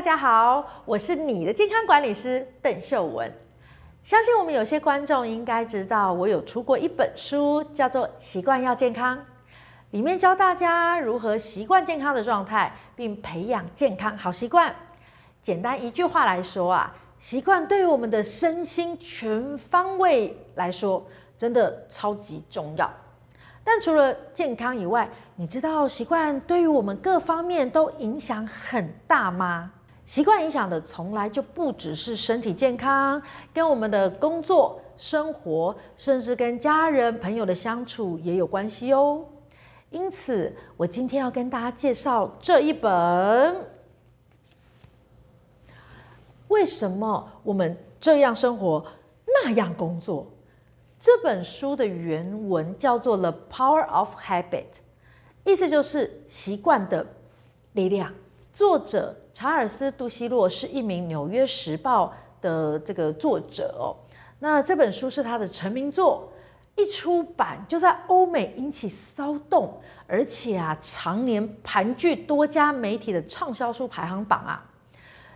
大家好，我是你的健康管理師鄧琇文。相信我們有些觀眾應該知道，我有出過一本書，叫做《習慣要健康》，裡面教大家如何習慣健康的狀態，並培養健康好習慣。簡單一句話來說啊，習慣對於我們的身心全方位來說，真的超級重要。但除了健康以外，你知道習慣對於我們各方面都影響很大嗎？習慣影響的從來就不只是身體健康，跟我們的工作、生活，甚至跟家人、朋友的相處也有關係哦。因此，我今天要跟大家介紹這一本《為什麼我們這樣生活，那樣工作》，這本書的原文叫做《The Power of Habit》，意思就是習慣的力量。作者查爾斯·杜希格是一名《紐約時報》的這個作者哦，那這本書是他的成名作，一出版就在歐美引起騷動，而且啊，常年盤踞多家媒體的暢銷書排行榜啊。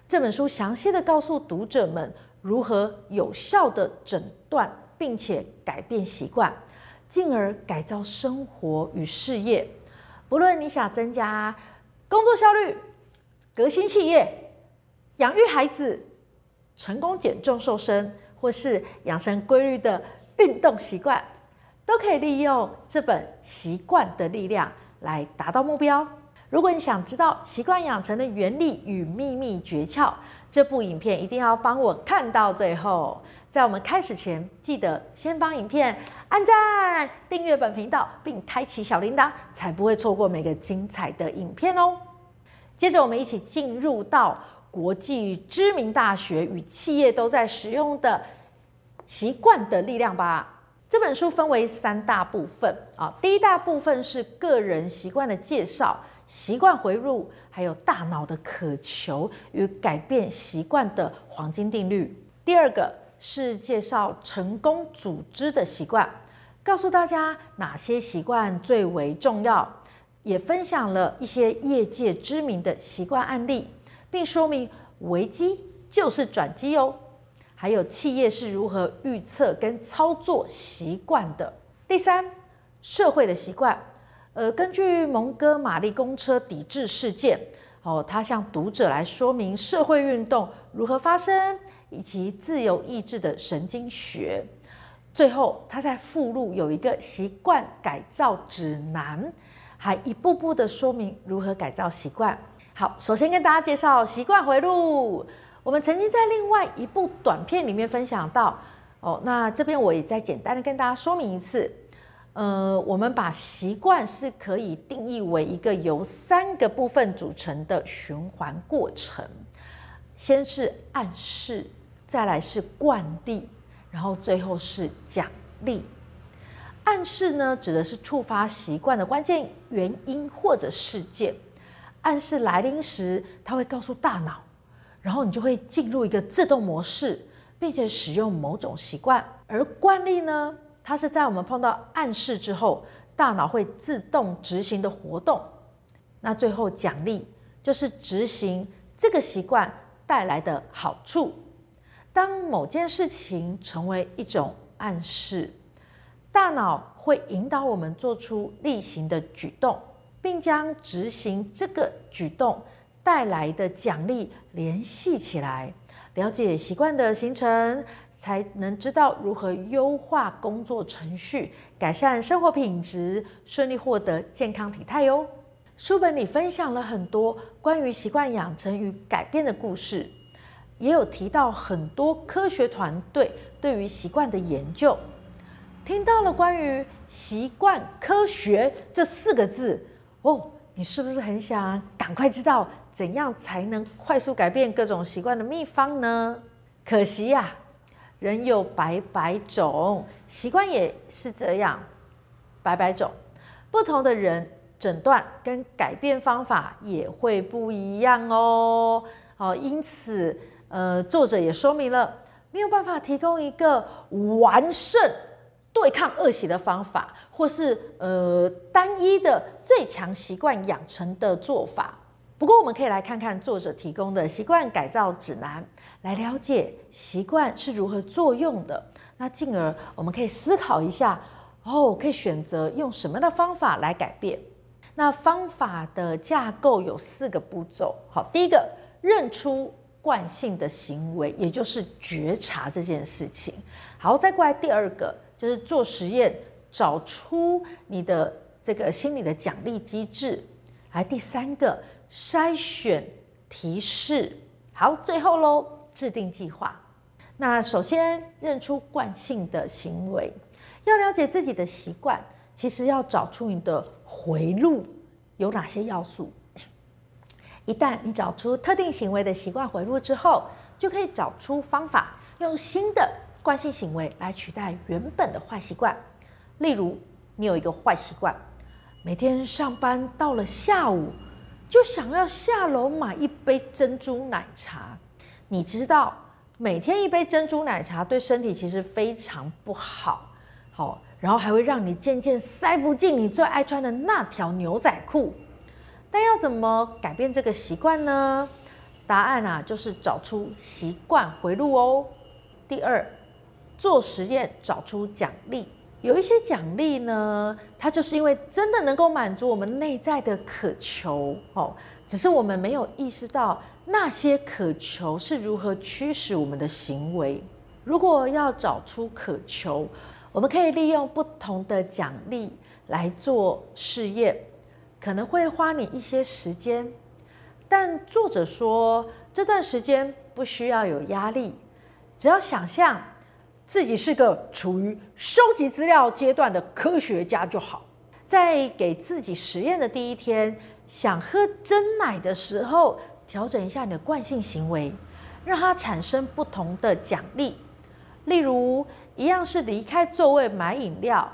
這本書詳細的告訴讀者們如何有效的診斷，並且改變習慣，進而改造生活與事業。不論你想增加工作效率，革新企業、養育孩子、成功減重瘦身，或是養成規律的運動習慣，都可以利用這本習慣的力量來達到目標。如果你想知道習慣養成的原理與秘密訣竅，這部影片一定要幫我看到最後。在我們開始前，記得先幫影片按讚、訂閱本頻道，並開啟小鈴鐺，才不會錯過每個精彩的影片哦、喔。接着，我們一起進入到國際知名大學與企業都在使用的習慣的力量吧。這本書分為三大部分啊，第一大部分是個人習慣的介紹、習慣回路，還有大腦的渴求與改變習慣的黃金定律。第二個是介紹成功組織的習慣，告訴大家哪些習慣最為重要。也分享了一些業界知名的習慣案例，並說明危機就是轉機哦。還有企業是如何預測跟操作習慣的。第三，社會的習慣。呃，根據蒙哥馬利公車抵制事件，哦，他向讀者來說明社會運動如何發生，以及自由意志的神經學。最後，他在附錄有一個習慣改造指南。還一步步的說明如何改造習慣。好，首先跟大家介紹習慣迴路。我們曾經在另外一部短片裡面分享到，哦，那這邊我也再簡單的跟大家說明一次。呃，我們把習慣是可以定義為一個由三個部分組成的循環過程，先是暗示，再來是慣例，然後最後是獎勵。暗示呢，指的是觸發習慣的關鍵原因或者事件。暗示來臨時，它會告訴大腦，然後你就會進入一個自動模式，並且使用某種習慣。而慣例呢，它是在我們碰到暗示之後，大腦會自動執行的活動。那最後獎勵就是執行這個習慣帶來的好處。當某件事情成為一種暗示。大腦會引導我們做出例行的舉動，並將執行這個舉動帶來的獎勵聯繫起來。了解習慣的形成，才能知道如何優化工作程序，改善生活品質，順利獲得健康體態喲、哦。書本裡分享了很多關於習慣養成與改變的故事，也有提到很多科學團隊對於習慣的研究。聽到了關於習慣科學這四個字哦，你是不是很想趕快知道怎樣才能快速改變各種習慣的秘方呢？可惜呀、啊，人有百百種習慣也是這樣，百百種不同的人診斷跟改變方法也會不一樣哦。因此呃，作者也說明了沒有辦法提供一個完勝。對抗惡習的方法，或是呃單一的最強習慣養成的做法。不過，我們可以來看看作者提供的習慣改造指南，來了解習慣是如何作用的。那進而我們可以思考一下，哦，可以選擇用什麼樣的方法來改變。那方法的架構有四個步驟。好，第一個，認出慣性的行為，也就是覺察這件事情。好，再過來第二個。就是做實驗，找出你的這個心理的獎勵機制。來，第三個，篩選提示。好，最後嘍，制定計劃。那首先認出慣性的行為，要了解自己的習慣，其實要找出你的回路有哪些要素。一旦你找出特定行為的習慣回路之後，就可以找出方法，用新的。慣性行為來取代原本的壞習慣，例如你有一個壞習慣，每天上班到了下午就想要下樓買一杯珍珠奶茶。你知道每天一杯珍珠奶茶對身體其實非常不好，好，然後還會讓你漸漸塞不進你最愛穿的那條牛仔褲。但要怎麼改變這個習慣呢？答案啊，就是找出習慣回路哦。第二。做實驗找出獎勵，有一些獎勵呢，它就是因為真的能夠滿足我們內在的渴求哦。只是我們沒有意識到那些渴求是如何驅使我們的行為。如果要找出渴求，我們可以利用不同的獎勵來做試驗，可能會花你一些時間，但作者說這段時間不需要有壓力，只要想象，自己是個處於收集資料階段的科學家就好。在給自己實驗的第一天，想喝珍奶的時候，調整一下你的慣性行為，讓它產生不同的獎勵。例如，一樣是離開座位買飲料，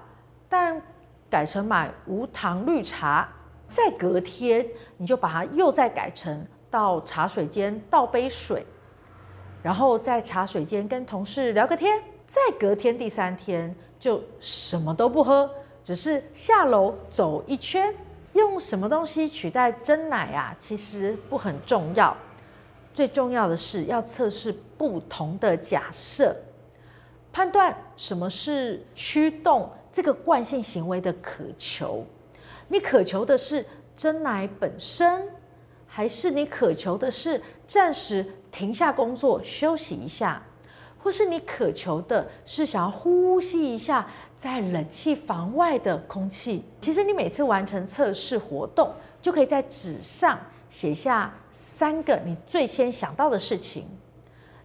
但改成買無糖綠茶。再隔天，你就把它又再改成到茶水間倒杯水，然後在茶水間跟同事聊個天。再隔天第三天就什麼都不喝，只是下樓走一圈。用什麼東西取代珍奶啊？其實不很重要，最重要的是要測試不同的假設，判斷什麼是驅動這個慣性行為的渴求。你渴求的是珍奶本身，還是你渴求的是暫時停下工作休息一下？或是你渴求的是想要呼吸一下在冷氣房外的空氣。其實你每次完成測試活動，就可以在紙上寫下三個你最先想到的事情。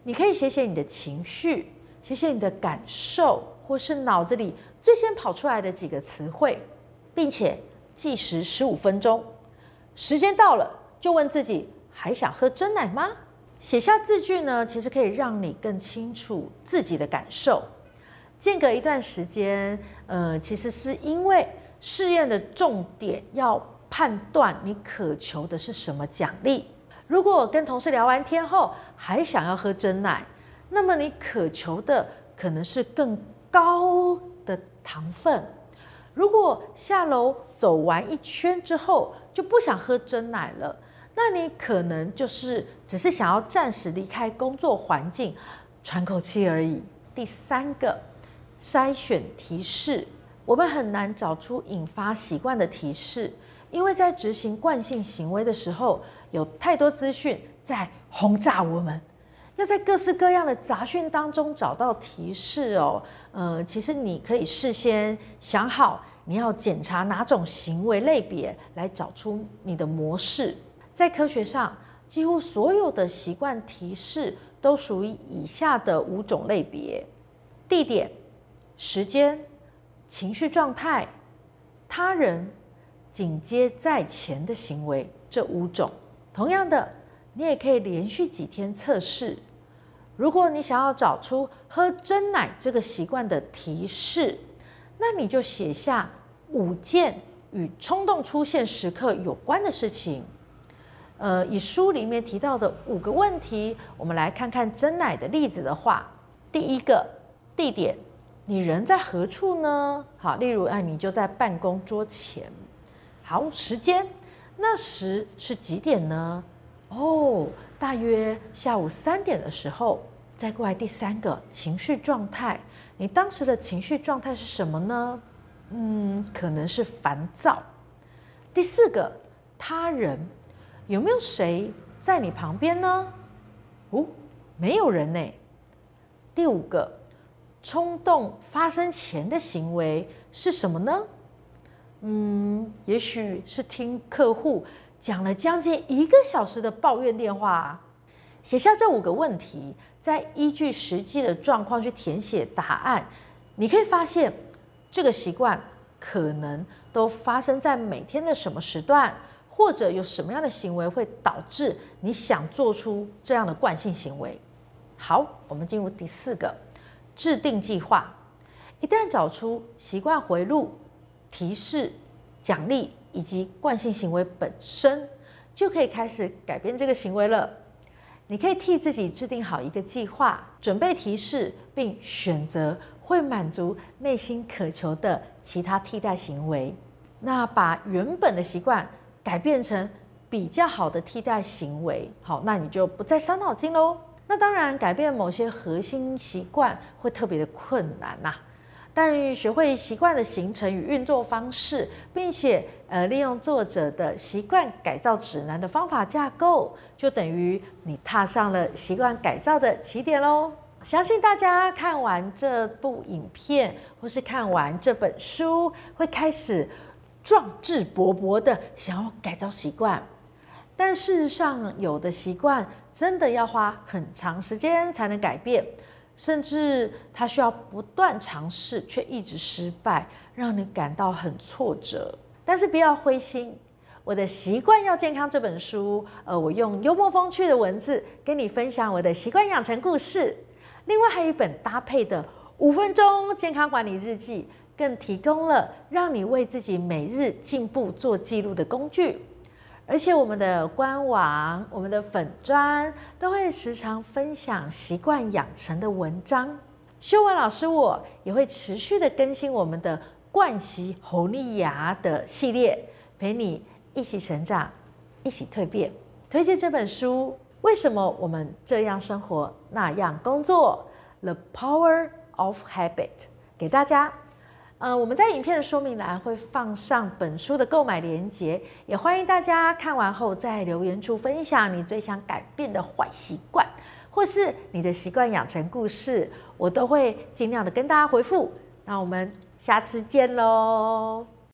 你可以寫寫你的情緒，寫寫你的感受，或是腦子裡最先跑出來的幾個詞彙，並且計時十五分鐘。時間到了，就問自己：還想喝珍奶嗎？寫下字句呢，其實可以讓你更清楚自己的感受。間隔一段時間，呃，其實是因為試驗的重點要判斷你渴求的是什麼獎勵。如果跟同事聊完天後還想要喝珍奶，那麼你渴求的可能是更高的糖分。如果下樓走完一圈之後就不想喝珍奶了。那你可能就是只是想要暫時離開工作環境，喘口氣而已。第三個篩選提示，我們很難找出引發習慣的提示，因為在執行慣性行為的時候，有太多資訊在轟炸我們。要在各式各樣的雜訊當中找到提示哦。呃，其實你可以事先想好你要檢查哪種行為類別，來找出你的模式。在科學上，幾乎所有的習慣提示都屬於以下的五種類別：地點、時間、情緒狀態、他人、緊接在前的行為。這五種。同樣的，你也可以連續幾天測試。如果你想要找出喝珍奶這個習慣的提示，那你就寫下五件與衝動出現時刻有關的事情。呃，以書裡面提到的五個問題，我們來看看珍奶的例子的話，第一個地點，你人在何處呢？好，例如啊，你就在辦公桌前。好，時間，那時是幾點呢？哦，大約下午三點的時候。再過來第三個情緒狀態，你當時的情緒狀態是什麼呢？嗯，可能是煩躁。第四個他人。有沒有誰在你旁邊呢？哦，沒有人呢。第五個衝動發生前的行為是什麼呢？嗯，也許是聽客戶講了將近一個小時的抱怨電話啊。寫下這五個問題，再依據實際的狀況去填寫答案。你可以發現這個習慣可能都發生在每天的什麼時段？或者有什麼樣的行為會導致你想做出這樣的慣性行為？好，我們進入第四個，制定計劃。一旦找出習慣回路、提示、獎勵以及慣性行為本身，就可以開始改變這個行為了。你可以替自己制定好一個計劃，準備提示，並選擇會滿足內心渴求的其他替代行為。那把原本的習慣。改變成比較好的替代行為，好，那你就不再傷腦筋嘍。那當然，改變某些核心習慣會特別的困難吶、啊。但學會習慣的形成與運作方式，並且呃，利用作者的習慣改造指南的方法架構，就等於你踏上了習慣改造的起點嘍。相信大家看完這部影片或是看完這本書，會開始。壯志勃勃的想要改造習慣，但事實上有的習慣真的要花很長時間才能改變，甚至他需要不斷嘗試卻一直失敗，讓你感到很挫折。但是不要灰心，我的《習慣要健康》這本書，呃，我用幽默風趣的文字跟你分享我的習慣養成故事。另外還有一本搭配的《五分鐘健康管理日記》。更提供了讓你為自己每日進步做記錄的工具，而且我們的官網、我們的粉專都會時常分享習慣養成的文章。琇文老師我也會持續的更新我們的慣習乎你贏的系列，陪你一起成長、一起蛻變。推薦這本書：為什麼我們這樣生活、那樣工作？The Power of Habit，給大家。呃，我們在影片的說明欄會放上本書的購買連結，也歡迎大家看完後在留言處分享你最想改變的壞習慣，或是你的習慣養成故事，我都會盡量的跟大家回復。那我們下次見嘍。